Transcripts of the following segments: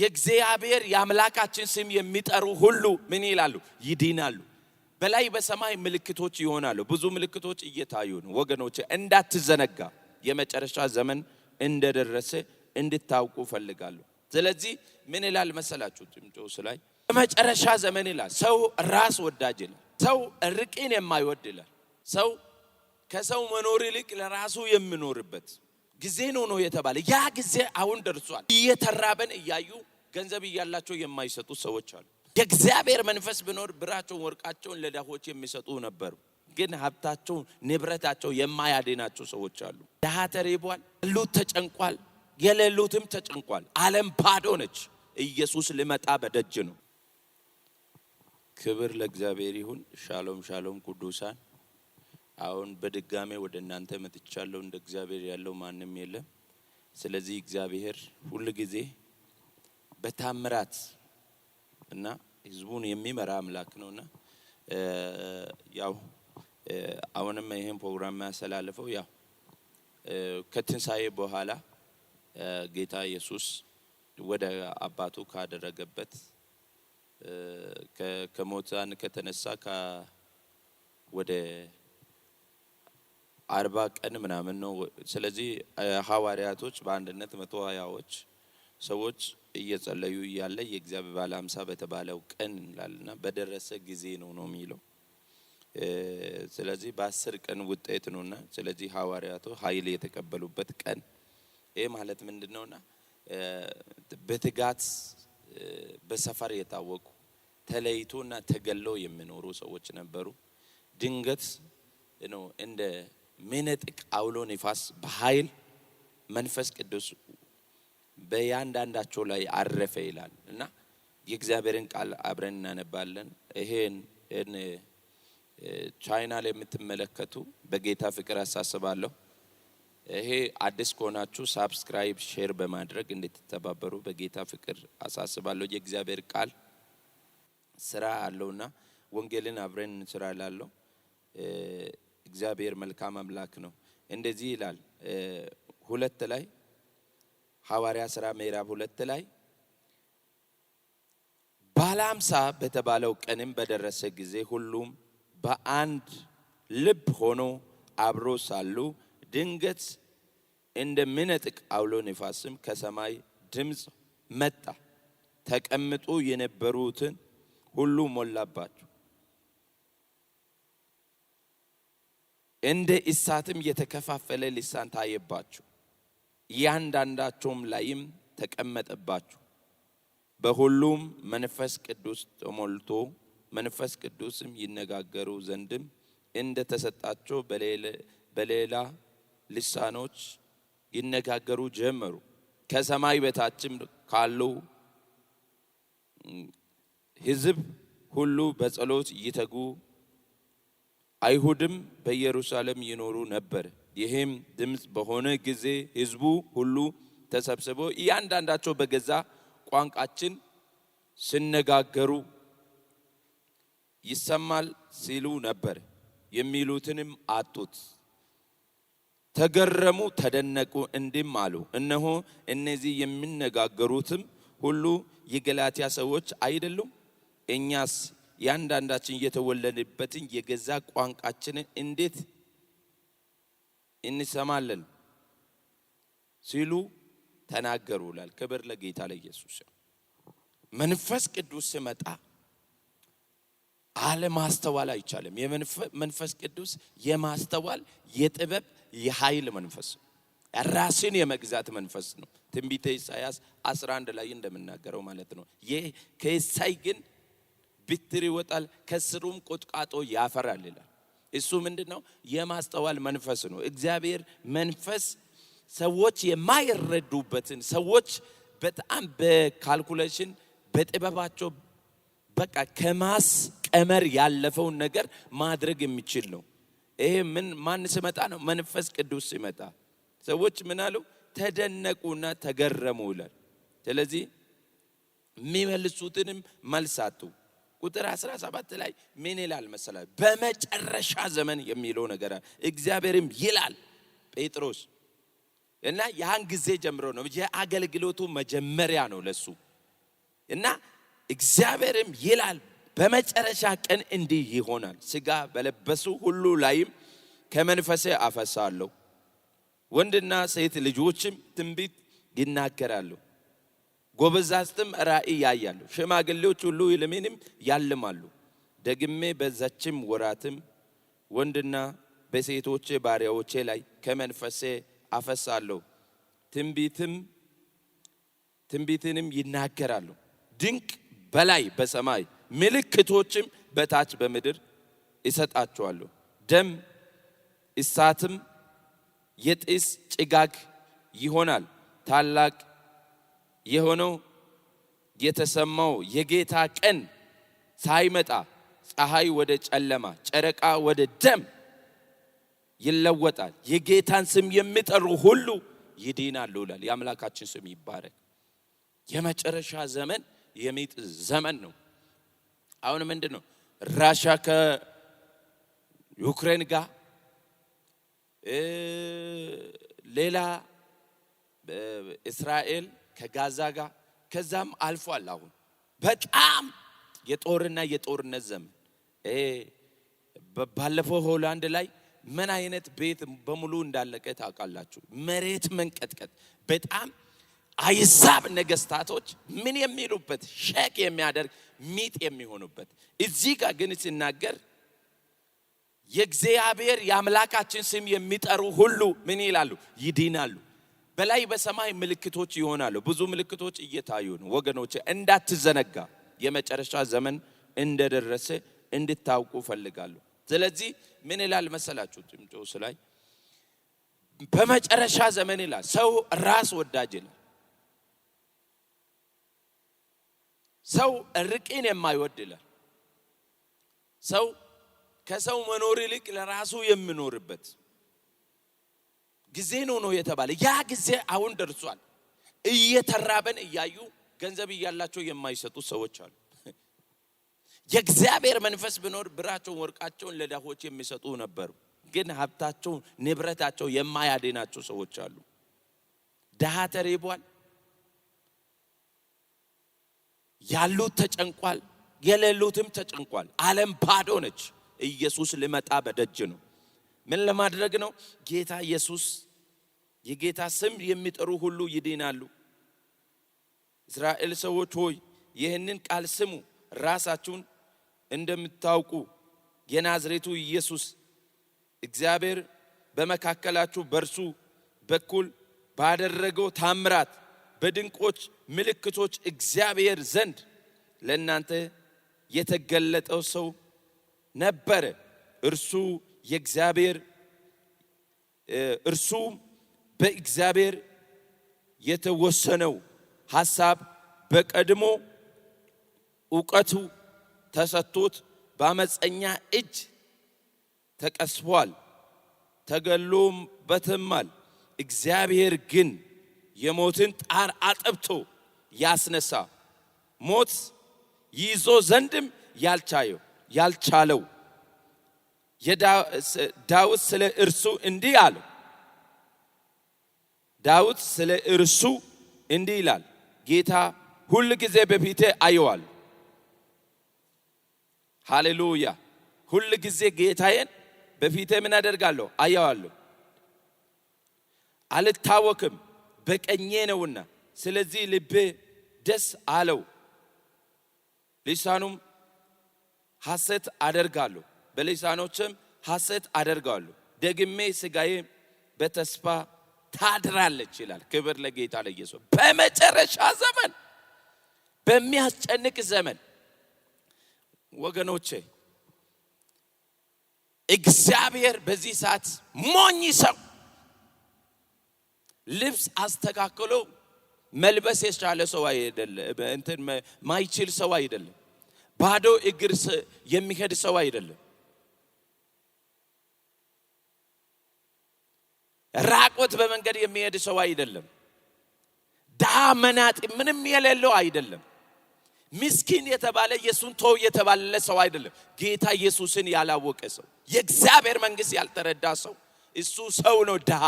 የእግዚአብሔር የአምላካችን ስም የሚጠሩ ሁሉ ምን ይላሉ? ይድናሉ። በላይ በሰማይ ምልክቶች ይሆናሉ። ብዙ ምልክቶች እየታዩ ነው ወገኖች፣ እንዳትዘነጋ የመጨረሻ ዘመን እንደደረሰ እንድታውቁ ፈልጋለሁ። ስለዚህ ምን ይላል መሰላችሁ? ጢሞቴዎስ ላይ የመጨረሻ ዘመን ይላል። ሰው ራስ ወዳጅ ይላል። ሰው ርቅን የማይወድ ይላል። ሰው ከሰው መኖር ይልቅ ለራሱ የሚኖርበት ጊዜ ነው ነው የተባለ ያ ጊዜ አሁን ደርሷል። እየተራበን እያዩ ገንዘብ እያላቸው የማይሰጡ ሰዎች አሉ። የእግዚአብሔር መንፈስ ቢኖር ብራቸውን ወርቃቸውን ለዳሆች የሚሰጡ ነበሩ። ግን ሀብታቸው ንብረታቸው የማያድናቸው ሰዎች አሉ። ድሃ ተርቧል፣ ያሉት ተጨንቋል፣ የሌሉትም ተጨንቋል። ዓለም ባዶ ነች። ኢየሱስ ልመጣ በደጅ ነው። ክብር ለእግዚአብሔር ይሁን። ሻሎም ሻሎም ቅዱሳን አሁን በድጋሜ ወደ እናንተ መጥቻለሁ። እንደ እግዚአብሔር ያለው ማንም የለም። ስለዚህ እግዚአብሔር ሁል ጊዜ በታምራት እና ህዝቡን የሚመራ አምላክ ነውና ያው አሁንም ይህን ፕሮግራም የሚያስተላልፈው ያው ከትንሣኤ በኋላ ጌታ ኢየሱስ ወደ አባቱ ካደረገበት ከሞታን ከተነሳ ወደ አርባ ቀን ምናምን ነው። ስለዚህ ሐዋርያቶች በአንድነት መቶ ሀያዎች ሰዎች እየጸለዩ እያለ የእግዚአብሔር ባለ ሀምሳ በተባለው ቀን እንላልና በደረሰ ጊዜ ነው ነው የሚለው ስለዚህ በአስር ቀን ውጤት ነውና ስለዚህ ሐዋርያቱ ኃይል የተቀበሉበት ቀን ይህ ማለት ምንድን ነውና በትጋት በሰፈር የታወቁ ተለይቶና ተገለው የሚኖሩ ሰዎች ነበሩ። ድንገት ነው እንደ ሚነጥቅ አውሎ ነፋስ በኃይል መንፈስ ቅዱስ በእያንዳንዳቸው ላይ አረፈ ይላል እና የእግዚአብሔርን ቃል አብረን እናነባለን። ይሄን ቻይና ላይ የምትመለከቱ በጌታ ፍቅር አሳስባለሁ። ይሄ አዲስ ከሆናችሁ ሳብስክራይብ፣ ሼር በማድረግ እንድትተባበሩ በጌታ ፍቅር አሳስባለሁ። የእግዚአብሔር ቃል ስራ አለውና ወንጌልን አብረን እንስራ ላለው እግዚአብሔር መልካም አምላክ ነው። እንደዚህ ይላል ሁለት ላይ ሐዋርያ ሥራ ምዕራብ ሁለት ላይ ባላምሳ በተባለው ቀንም በደረሰ ጊዜ ሁሉም በአንድ ልብ ሆኖ አብሮ ሳሉ ድንገት እንደሚነጥቅ አውሎ ንፋስም ከሰማይ ድምፅ መጣ፣ ተቀምጦ የነበሩትን ሁሉ ሞላባቸው። እንደ እሳትም የተከፋፈለ ልሳን ታየባችሁ፣ እያንዳንዳቸውም ላይም ተቀመጠባችሁ። በሁሉም መንፈስ ቅዱስ ተሞልቶ መንፈስ ቅዱስም ይነጋገሩ ዘንድም እንደ ተሰጣቸው በሌላ ልሳኖች ይነጋገሩ ጀመሩ። ከሰማይ በታችም ካሉ ሕዝብ ሁሉ በጸሎት ይተጉ አይሁድም በኢየሩሳሌም ይኖሩ ነበር። ይህም ድምፅ በሆነ ጊዜ ህዝቡ ሁሉ ተሰብስበው እያንዳንዳቸው በገዛ ቋንቋችን ሲነጋገሩ ይሰማል ሲሉ ነበር። የሚሉትንም አጡት። ተገረሙ፣ ተደነቁ፣ እንዲህም አሉ፣ እነሆ እነዚህ የሚነጋገሩትም ሁሉ የገላትያ ሰዎች አይደሉም? እኛስ ያንዳንዳችን እየተወለድበትን የገዛ ቋንቋችንን እንዴት እንሰማለን ሲሉ ተናገሩ ላል ክብር ለጌታ ለኢየሱስ። መንፈስ ቅዱስ ሲመጣ አለማስተዋል አይቻልም። መንፈስ ቅዱስ የማስተዋል የጥበብ የኃይል መንፈስ ራስን የመግዛት መንፈስ ነው። ትንቢተ ኢሳያስ 11 ላይ እንደምናገረው ማለት ነው። ይህ ከኢሳይ ግን ብትር ይወጣል ከስሩም ቁጥቋጦ ያፈራል ይላል። እሱ ምንድን ነው? የማስተዋል መንፈስ ነው። እግዚአብሔር መንፈስ ሰዎች የማይረዱበትን ሰዎች በጣም በካልኩሌሽን በጥበባቸው በቃ ከማስ ቀመር ያለፈውን ነገር ማድረግ የሚችል ነው። ይሄ ምን ማን ሲመጣ ነው? መንፈስ ቅዱስ ሲመጣ ሰዎች ምን አሉ? ተደነቁና ተገረሙ ይላል። ስለዚህ የሚመልሱትንም መልሳቱ ቁጥር 17 ላይ ምን ይላል መሰለ በመጨረሻ ዘመን የሚለው ነገር እግዚአብሔርም ይላል ጴጥሮስ እና ያን ጊዜ ጀምሮ ነው የአገልግሎቱ መጀመሪያ ነው ለሱ እና እግዚአብሔርም ይላል በመጨረሻ ቀን እንዲህ ይሆናል፣ ስጋ በለበሱ ሁሉ ላይም ከመንፈሴ አፈሳለሁ፣ ወንድና ሴት ልጆችም ትንቢት ይናገራሉ ጎበዛዝትም ራእይ ያያሉ፣ ሽማግሌዎች ሁሉ ሕልምንም ያልማሉ። ደግሜ በዛችም ወራትም ወንድና በሴቶቼ ባሪያዎቼ ላይ ከመንፈሴ አፈሳለሁ፣ ትንቢትም ትንቢትንም ይናገራሉ። ድንቅ በላይ በሰማይ ምልክቶችም በታች በምድር እሰጣቸዋለሁ። ደም እሳትም የጢስ ጭጋግ ይሆናል። ታላቅ የሆነው የተሰማው የጌታ ቀን ሳይመጣ ፀሐይ ወደ ጨለማ፣ ጨረቃ ወደ ደም ይለወጣል። የጌታን ስም የሚጠሩ ሁሉ ይድናሉ ይላል። የአምላካችን ስም ይባረክ። የመጨረሻ ዘመን የሚጥ ዘመን ነው። አሁን ምንድን ነው ራሻ ከዩክሬን ጋር ሌላ እስራኤል ከጋዛ ጋር ከዛም አልፏል። አሁን በጣም የጦርና የጦርነት ዘመን ባለፈው ሆላንድ ላይ ምን አይነት ቤት በሙሉ እንዳለቀ ታውቃላችሁ። መሬት መንቀጥቀጥ በጣም አይዛብ ነገስታቶች ምን የሚሉበት ሸክ የሚያደርግ ሚጥ የሚሆኑበት። እዚህ ጋር ግን ሲናገር የእግዚአብሔር የአምላካችን ስም የሚጠሩ ሁሉ ምን ይላሉ? ይድናሉ። በላይ በሰማይ ምልክቶች ይሆናሉ። ብዙ ምልክቶች እየታዩ ነው ወገኖች፣ እንዳትዘነጋ የመጨረሻ ዘመን እንደደረሰ እንድታውቁ ፈልጋለሁ። ስለዚህ ምን ይላል መሰላችሁ? ጢሞቴዎስ ላይ በመጨረሻ ዘመን ይላል ሰው ራስ ወዳጅ ይላል። ሰው ርቅን የማይወድ ይላል። ሰው ከሰው መኖር ይልቅ ለራሱ የሚኖርበት ጊዜ ነው ነው የተባለ ያ ጊዜ አሁን ደርሷል። እየተራበን እያዩ ገንዘብ እያላቸው የማይሰጡ ሰዎች አሉ። የእግዚአብሔር መንፈስ ቢኖር ብራቸውን ወርቃቸውን ለዳፎች የሚሰጡ ነበሩ። ግን ሀብታቸው ንብረታቸው የማያድናቸው ሰዎች አሉ። ድሃ ተርቧል፣ ያሉት ተጨንቋል፣ የሌሉትም ተጨንቋል። ዓለም ባዶ ነች። ኢየሱስ ሊመጣ በደጅ ነው። ምን ለማድረግ ነው ጌታ ኢየሱስ የጌታ ስም የሚጠሩ ሁሉ ይድናሉ። እስራኤል ሰዎች ሆይ ይህንን ቃል ስሙ፣ ራሳችሁን እንደምታውቁ የናዝሬቱ ኢየሱስ እግዚአብሔር በመካከላችሁ በእርሱ በኩል ባደረገው ታምራት በድንቆች ምልክቶች እግዚአብሔር ዘንድ ለእናንተ የተገለጠው ሰው ነበረ። እርሱ የእግዚአብሔር እርሱም በእግዚአብሔር የተወሰነው ሐሳብ በቀድሞ እውቀቱ ተሰጥቶት በአመፀኛ እጅ ተገሎም በትማል። እግዚአብሔር ግን የሞትን ጣር አጠብቶ ያስነሳ ሞት ይዞ ዘንድም ያልቻየው ያልቻለው ዳዊት ስለ እርሱ እንዲህ አለው ዳዊት ስለ እርሱ እንዲህ ይላል፣ ጌታ ሁል ጊዜ በፊቴ አየዋል። ሃሌሉያ! ሁል ጊዜ ጌታዬን በፊቴ ምን አደርጋለሁ? አየዋለሁ። አልታወክም፣ በቀኜ ነውና፣ ስለዚህ ልቤ ደስ አለው፣ ልሳኑም ሐሰት አደርጋለሁ፣ በልሳኖችም ሐሰት አደርጋለሁ። ደግሜ ስጋዬ በተስፋ ታድራለች ይላል። ክብር ለጌታ ለኢየሱስ። በመጨረሻ ዘመን በሚያስጨንቅ ዘመን ወገኖቼ እግዚአብሔር በዚህ ሰዓት ሞኝ ሰው ልብስ አስተካክሎ መልበስ የቻለ ሰው አይደለም። እንትን ማይችል ሰው አይደለም። ባዶ እግር የሚሄድ ሰው አይደለም። ራቆት በመንገድ የሚሄድ ሰው አይደለም። ድሃ መናጢ ምንም የሌለው አይደለም። ምስኪን የተባለ የሱን ተው የተባለ ሰው አይደለም። ጌታ ኢየሱስን ያላወቀ ሰው፣ የእግዚአብሔር መንግስት ያልተረዳ ሰው እሱ ሰው ነው ድሃ።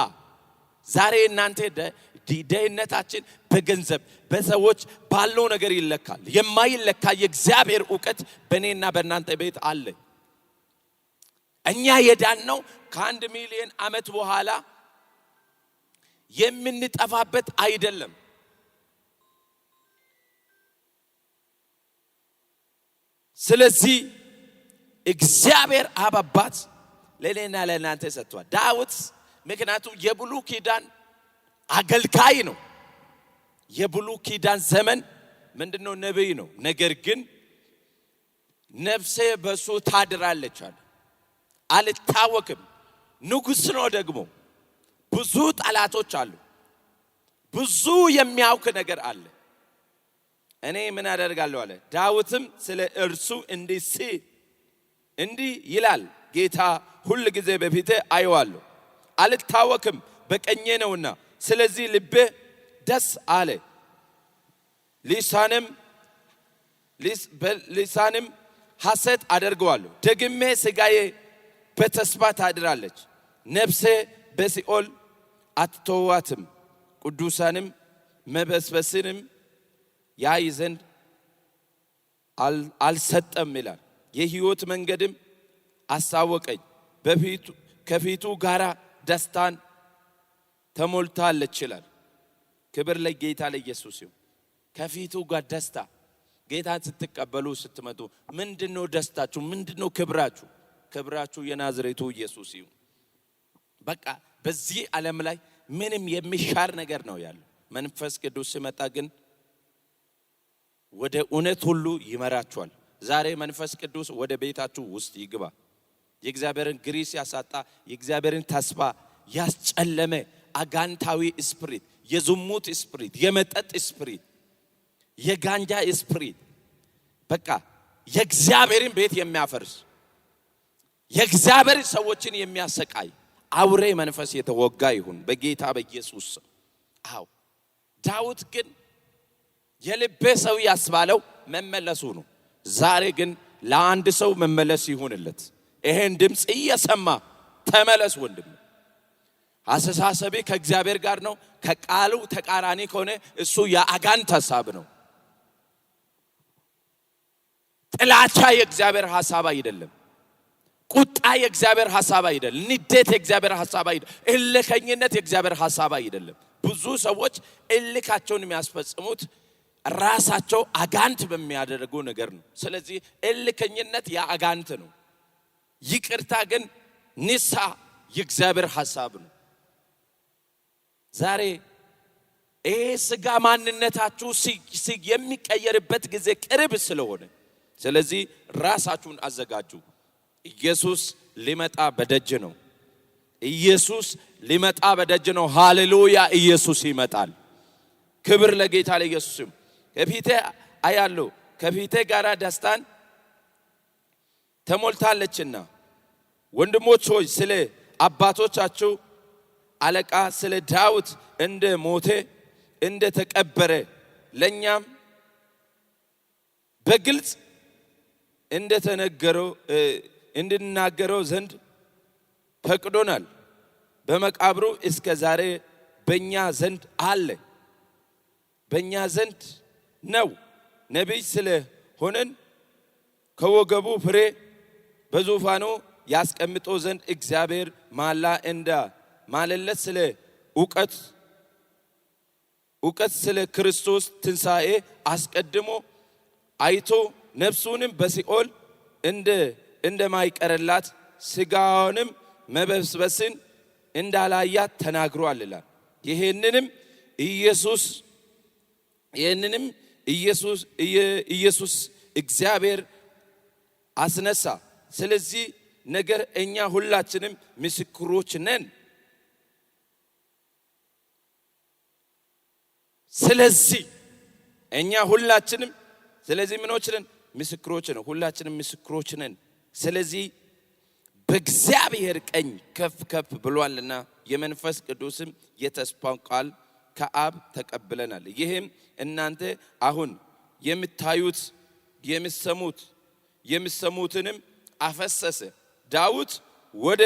ዛሬ እናንተ ድህነታችን በገንዘብ በሰዎች ባለው ነገር ይለካል። የማይለካ የእግዚአብሔር እውቀት በእኔና በእናንተ ቤት አለ። እኛ የዳን ነው ከአንድ ሚሊዮን ዓመት በኋላ የምንጠፋበት አይደለም። ስለዚህ እግዚአብሔር አብ አባት ለእኔና ለእናንተ ሰጥቷል። ዳዊት ምክንያቱም የብሉ ኪዳን አገልጋይ ነው። የብሉ ኪዳን ዘመን ምንድነው? ነቢይ ነው። ነገር ግን ነፍሴ በሱ ታድራለች አለ። አልታወክም። ንጉሥ ነው ደግሞ ብዙ ጠላቶች አሉ። ብዙ የሚያውክ ነገር አለ። እኔ ምን አደርጋለሁ አለ። ዳዊትም ስለ እርሱ እንዲህ ሲል እንዲህ ይላል፣ ጌታ ሁል ጊዜ በፊቴ አየዋለሁ፣ አልታወክም፣ በቀኜ ነውና፣ ስለዚህ ልቤ ደስ አለ፣ ሊሳንም ሊሳንም ሐሰት አደርገዋለሁ። ደግሜ ሥጋዬ በተስፋ ታድራለች፣ ነፍሴ በሲኦል አትተዋትም፣ ቅዱሳንም መበስበስንም ያይ ዘንድ አልሰጠም ይላል። የህይወት መንገድም አሳወቀኝ፣ ከፊቱ ጋራ ደስታን ተሞልታለች ይላል። ክብር ለጌታ ለኢየሱስ ይሁን። ከፊቱ ጋር ደስታ ጌታን ስትቀበሉ ስትመጡ ምንድነው ደስታችሁ? ምንድነው ክብራችሁ? ክብራችሁ የናዝሬቱ ኢየሱስ ይሁን። በቃ በዚህ ዓለም ላይ ምንም የሚሻር ነገር ነው ያለው። መንፈስ ቅዱስ ሲመጣ ግን ወደ እውነት ሁሉ ይመራችኋል። ዛሬ መንፈስ ቅዱስ ወደ ቤታችሁ ውስጥ ይግባ። የእግዚአብሔርን ግሪስ ያሳጣ፣ የእግዚአብሔርን ተስፋ ያስጨለመ አጋንታዊ ስፕሪት፣ የዝሙት ስፕሪት፣ የመጠጥ ስፕሪት፣ የጋንጃ ስፕሪት በቃ የእግዚአብሔርን ቤት የሚያፈርስ የእግዚአብሔር ሰዎችን የሚያሰቃይ አውሬ መንፈስ የተወጋ ይሁን በጌታ በኢየሱስ። አው ዳዊት ግን የልቤ ሰው ያስባለው መመለሱ ነው። ዛሬ ግን ለአንድ ሰው መመለስ ይሁንለት። ይሄን ድምፅ እየሰማ ተመለስ ወንድም። አስተሳሰቤ ከእግዚአብሔር ጋር ነው። ከቃሉ ተቃራኒ ከሆነ እሱ የአጋንንት ሀሳብ ነው። ጥላቻ የእግዚአብሔር ሀሳብ አይደለም። ቁጣ የእግዚአብሔር ሀሳብ አይደለም። ንዴት የእግዚአብሔር ሀሳብ አይደለም። እልከኝነት የእግዚአብሔር ሀሳብ አይደለም። ብዙ ሰዎች እልካቸውን የሚያስፈጽሙት ራሳቸው አጋንት በሚያደርጉ ነገር ነው። ስለዚህ እልከኝነት የአጋንት ነው። ይቅርታ ግን ንሳ የእግዚአብሔር ሀሳብ ነው። ዛሬ ይሄ ስጋ ማንነታችሁ የሚቀየርበት ጊዜ ቅርብ ስለሆነ ስለዚህ ራሳችሁን አዘጋጁ። ኢየሱስ ሊመጣ በደጅ ነው። ኢየሱስ ሊመጣ በደጅ ነው። ሃሌሉያ! ኢየሱስ ይመጣል። ክብር ለጌታ ለኢየሱስም። ከፊቴ አያለሁ ከፊቴ ጋራ ደስታን ተሞልታለችና ወንድሞች ሆይ ስለ አባቶቻችሁ አለቃ ስለ ዳዊት እንደ ሞተ እንደ ተቀበረ ለእኛም በግልጽ እንደተነገረው እንድናገረው ዘንድ ፈቅዶናል። በመቃብሩ እስከ ዛሬ በእኛ ዘንድ አለ፣ በእኛ ዘንድ ነው። ነቢይ ስለ ሆነን ከወገቡ ፍሬ በዙፋኑ ያስቀምጦ ዘንድ እግዚአብሔር ማላ እንዳ ማለለት ስለ እውቀት እውቀት ስለ ክርስቶስ ትንሣኤ አስቀድሞ አይቶ ነፍሱንም በሲኦል እንደ እንደማይቀርላት ስጋውንም መበስበስን እንዳላያት ተናግሯል ይላል። ይህንንም ኢየሱስ ይህንንም ኢየሱስ ኢየሱስ እግዚአብሔር አስነሳ። ስለዚህ ነገር እኛ ሁላችንም ምስክሮች ነን። ስለዚህ እኛ ሁላችንም ስለዚህ ምኖች ነን ምስክሮች ነን። ሁላችንም ምስክሮች ነን። ስለዚህ በእግዚአብሔር ቀኝ ከፍ ከፍ ብሏልና የመንፈስ ቅዱስም የተስፋን ቃል ከአብ ተቀብለናል። ይህም እናንተ አሁን የምታዩት የምሰሙት የምሰሙትንም አፈሰሰ። ዳዊት ወደ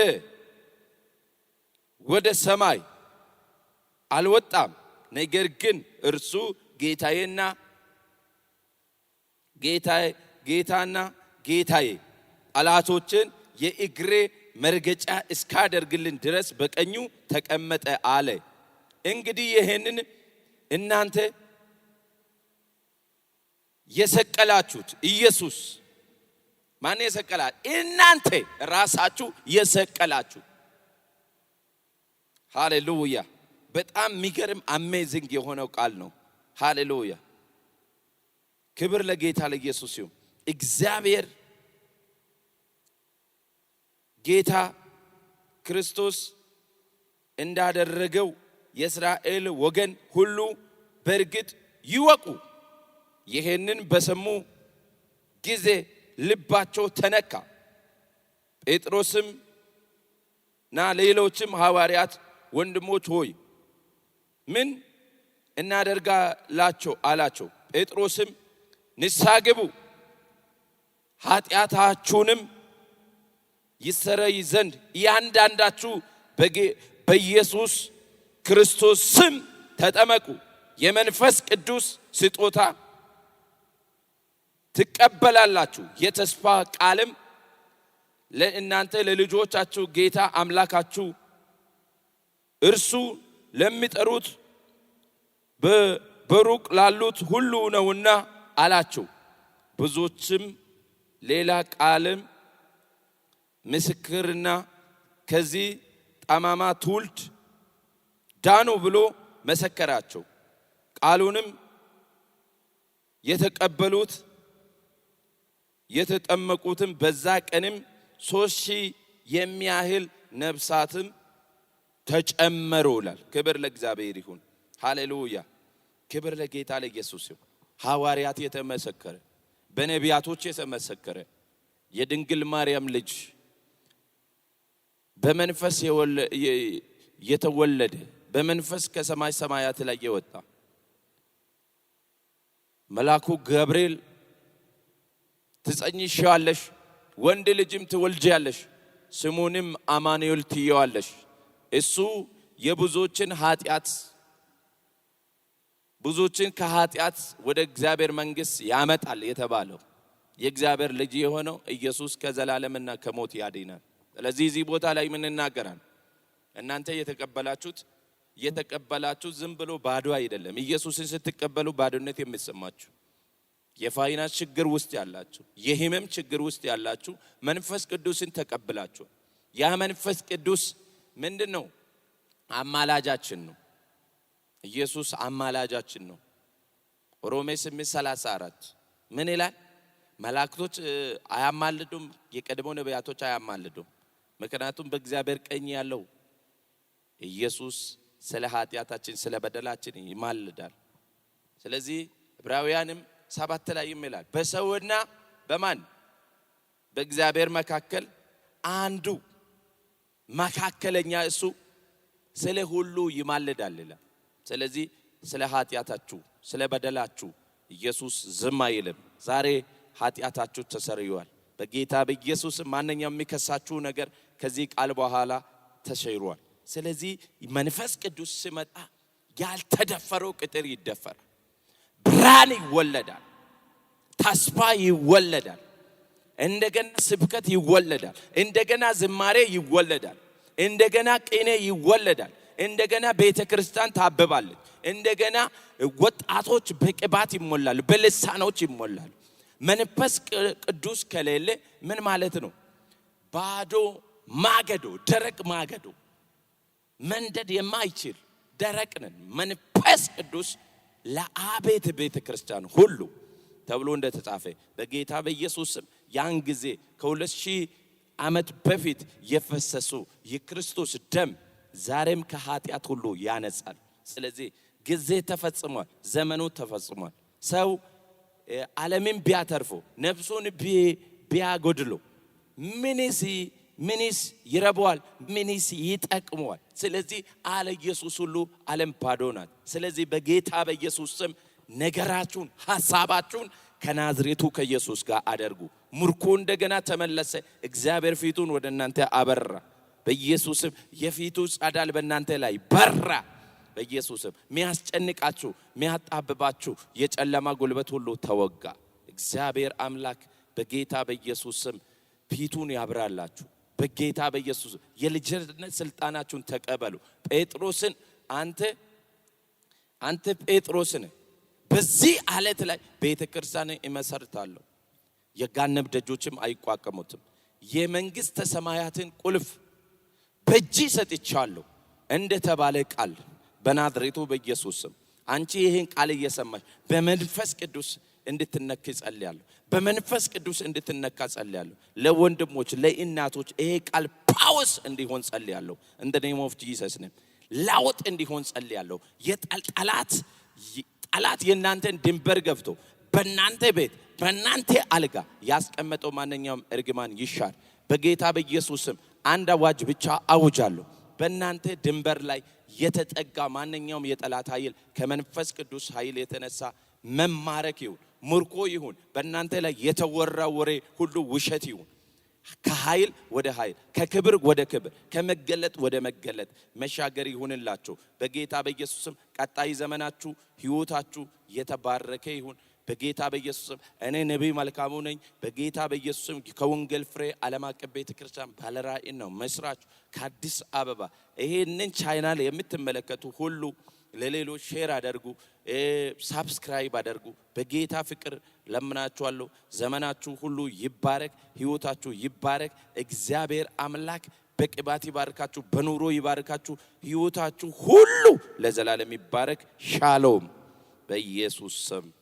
ወደ ሰማይ አልወጣም፣ ነገር ግን እርሱ ጌታዬና ጌታዬ ጌታና ጌታዬ ጠላቶችን የእግሬ መርገጫ እስካደርግልን ድረስ በቀኙ ተቀመጠ አለ። እንግዲህ ይህንን እናንተ የሰቀላችሁት ኢየሱስ ማን የሰቀላ? እናንተ ራሳችሁ የሰቀላችሁ። ሃሌሉያ! በጣም የሚገርም አሜዚንግ የሆነው ቃል ነው። ሃሌሉያ! ክብር ለጌታ ለኢየሱስ ይሁን። እግዚአብሔር ጌታ ክርስቶስ እንዳደረገው የእስራኤል ወገን ሁሉ በእርግጥ ይወቁ። ይህንን በሰሙ ጊዜ ልባቸው ተነካ። ጴጥሮስም እና ሌሎችም ሐዋርያት ወንድሞች ሆይ ምን እናደርጋላቸው አላቸው። ጴጥሮስም ንስሐ ግቡ ኃጢአታችሁንም ይሰረይ ዘንድ እያንዳንዳችሁ በኢየሱስ ክርስቶስ ስም ተጠመቁ፣ የመንፈስ ቅዱስ ስጦታ ትቀበላላችሁ፣ የተስፋ ቃልም ለእናንተ ለልጆቻችሁ ጌታ አምላካችሁ እርሱ ለሚጠሩት በሩቅ ላሉት ሁሉ ነውና አላቸው። ብዙዎችም ሌላ ቃልም ምስክርና ከዚህ ጠማማ ትውልድ ዳኑ ብሎ መሰከራቸው። ቃሉንም የተቀበሉት የተጠመቁትም በዛ ቀንም ሶስት ሺህ የሚያህል ነብሳትም ተጨመሩ ይላል። ክብር ለእግዚአብሔር ይሁን። ሃሌሉያ! ክብር ለጌታ ለኢየሱስ ይሁን። ሐዋርያት የተመሰከረ በነቢያቶች የተመሰከረ የድንግል ማርያም ልጅ በመንፈስ የተወለደ በመንፈስ ከሰማይ ሰማያት ላይ የወጣ መልአኩ ገብርኤል ትጸኝሻለሽ ወንድ ልጅም ትወልጃለሽ፣ ስሙንም አማኑኤል ትየዋለሽ። እሱ የብዙዎችን ኃጢአት ብዙዎችን ከኃጢአት ወደ እግዚአብሔር መንግሥት ያመጣል የተባለው የእግዚአብሔር ልጅ የሆነው ኢየሱስ ከዘላለምና ከሞት ያድናል። ስለዚህ እዚህ ቦታ ላይ ምን እናገራል? እናንተ የተቀበላችሁት የተቀበላችሁት ዝም ብሎ ባዶ አይደለም። ኢየሱስን ስትቀበሉ ባዶነት የምትሰማችሁ የፋይናንስ ችግር ውስጥ ያላችሁ፣ የህመም ችግር ውስጥ ያላችሁ መንፈስ ቅዱስን ተቀብላችሁ ያ መንፈስ ቅዱስ ምንድን ነው? አማላጃችን ነው። ኢየሱስ አማላጃችን ነው። ሮሜ 8:34 ምን ይላል? መላእክቶች አያማልዱም፣ የቀድሞ ነቢያቶች አያማልዱም ምክንያቱም በእግዚአብሔር ቀኝ ያለው ኢየሱስ ስለ ኃጢአታችን ስለ በደላችን ይማልዳል። ስለዚህ ዕብራውያንም ሰባት ላይ ይላል በሰውና በማን በእግዚአብሔር መካከል አንዱ መካከለኛ እሱ ስለ ሁሉ ይማልዳል ይላል። ስለዚህ ስለ ኃጢአታችሁ ስለ በደላችሁ ኢየሱስ ዝም አይልም። ዛሬ ኃጢአታችሁ ተሰርዩዋል በጌታ በኢየሱስ ማንኛውም የሚከሳችሁ ነገር ከዚህ ቃል በኋላ ተሸይሯል። ስለዚህ መንፈስ ቅዱስ ሲመጣ ያልተደፈረው ቅጥር ይደፈራል። ብርሃን ይወለዳል። ተስፋ ይወለዳል። እንደገና ስብከት ይወለዳል። እንደገና ዝማሬ ይወለዳል። እንደገና ቅኔ ይወለዳል። እንደገና ቤተ ክርስቲያን ታብባለች። እንደገና ወጣቶች በቅባት ይሞላሉ፣ በልሳኖች ይሞላሉ። መንፈስ ቅዱስ ከሌለ ምን ማለት ነው? ባዶ ማገዶ፣ ደረቅ ማገዶ መንደድ የማይችል ደረቅ ነን። መንፈስ ቅዱስ ለአቤት ቤተ ክርስቲያን ሁሉ ተብሎ እንደተጻፈ በጌታ በኢየሱስ ስም ያን ጊዜ ከሁለት ሺህ ዓመት በፊት የፈሰሱ የክርስቶስ ደም ዛሬም ከኃጢአት ሁሉ ያነጻል። ስለዚህ ጊዜ ተፈጽሟል፣ ዘመኑ ተፈጽሟል። ሰው ዓለምን ቢያተርፎ ነፍሱን ቢያጎድሎ ምንስ ምንስ ይረበዋል? ምንስ ይጠቅመዋል? ስለዚህ አለ ኢየሱስ ሁሉ ዓለም ባዶ ናት። ስለዚህ በጌታ በኢየሱስ ስም ነገራችሁን፣ ሐሳባችሁን ከናዝሬቱ ከኢየሱስ ጋር አደርጉ። ምርኮ እንደገና ተመለሰ። እግዚአብሔር ፊቱን ወደ እናንተ አበራ። በኢየሱስም የፊቱ ጸዳል በእናንተ ላይ በራ። በኢየሱስም ሚያስጨንቃችሁ፣ ሚያጣብባችሁ የጨለማ ጉልበት ሁሉ ተወጋ። እግዚአብሔር አምላክ በጌታ በኢየሱስ ስም ፊቱን ያብራላችሁ። በጌታ በኢየሱስ የልጅነት ስልጣናችሁን ተቀበሉ። ጴጥሮስን አንተ አንተ ጴጥሮስን በዚህ አለት ላይ ቤተ ክርስቲያን እመሰርታለሁ፣ የጋነብ ደጆችም አይቋቀሙትም፣ የመንግሥተ ሰማያትን ቁልፍ በእጅ ሰጥቻለሁ እንደ ተባለ ቃል በናዝሬቱ በኢየሱስ አንቺ ይህን ቃል እየሰማሽ በመንፈስ ቅዱስ እንድትነክ ጸልያለሁ። በመንፈስ ቅዱስ እንድትነካ ጸልያለሁ። ለወንድሞች ለእናቶች ይሄ ቃል ፓወስ እንዲሆን ጸልያለሁ። እንደ ኔም ኦፍ ጂሰስ ነ ላውጥ እንዲሆን ጸልያለሁ። የጠላት ጠላት የእናንተን ድንበር ገብቶ በእናንተ ቤት በእናንተ አልጋ ያስቀመጠው ማንኛውም እርግማን ይሻር በጌታ በኢየሱስ ስም። አንድ አዋጅ ብቻ አውጃለሁ። በእናንተ ድንበር ላይ የተጠጋ ማንኛውም የጠላት ኃይል ከመንፈስ ቅዱስ ኃይል የተነሳ መማረክ ይሁን። ምርኮ ይሁን። በእናንተ ላይ የተወራ ወሬ ሁሉ ውሸት ይሁን። ከኃይል ወደ ኃይል፣ ከክብር ወደ ክብር፣ ከመገለጥ ወደ መገለጥ መሻገር ይሁንላችሁ። በጌታ በኢየሱስም ቀጣይ ዘመናችሁ፣ ህይወታችሁ የተባረከ ይሁን። በጌታ በኢየሱስም እኔ ነቢይ መልካሙ ነኝ። በጌታ በኢየሱስም ከወንጌል ፍሬ ዓለም አቀፍ ቤተ ክርስቲያን ባለራእይ ነው መስራች ከአዲስ አበባ። ይሄንን ቻይናል የምትመለከቱ ሁሉ ለሌሎች ሼር አደርጉ። ሳብስክራይብ አደርጉ። በጌታ ፍቅር ለምናችኋለሁ። ዘመናችሁ ሁሉ ይባረክ፣ ህይወታችሁ ይባረክ። እግዚአብሔር አምላክ በቅባት ይባርካችሁ፣ በኑሮ ይባርካችሁ። ህይወታችሁ ሁሉ ለዘላለም ይባረክ። ሻሎም በኢየሱስ ስም